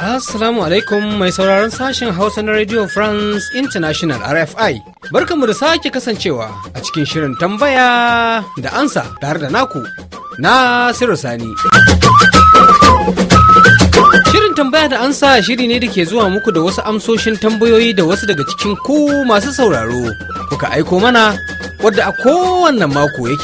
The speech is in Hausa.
Assalamu alaikum mai sauraron sashen Hausa na Radio France International RFI. Barkanmu da sake kasancewa a cikin shirin tambaya da ansa tare da naku na Sani. tambaya da ansa shiri ne da ke zuwa muku da wasu amsoshin tambayoyi da wasu daga cikin ku masu sauraro kuka aiko mana wadda a kowanne mako yake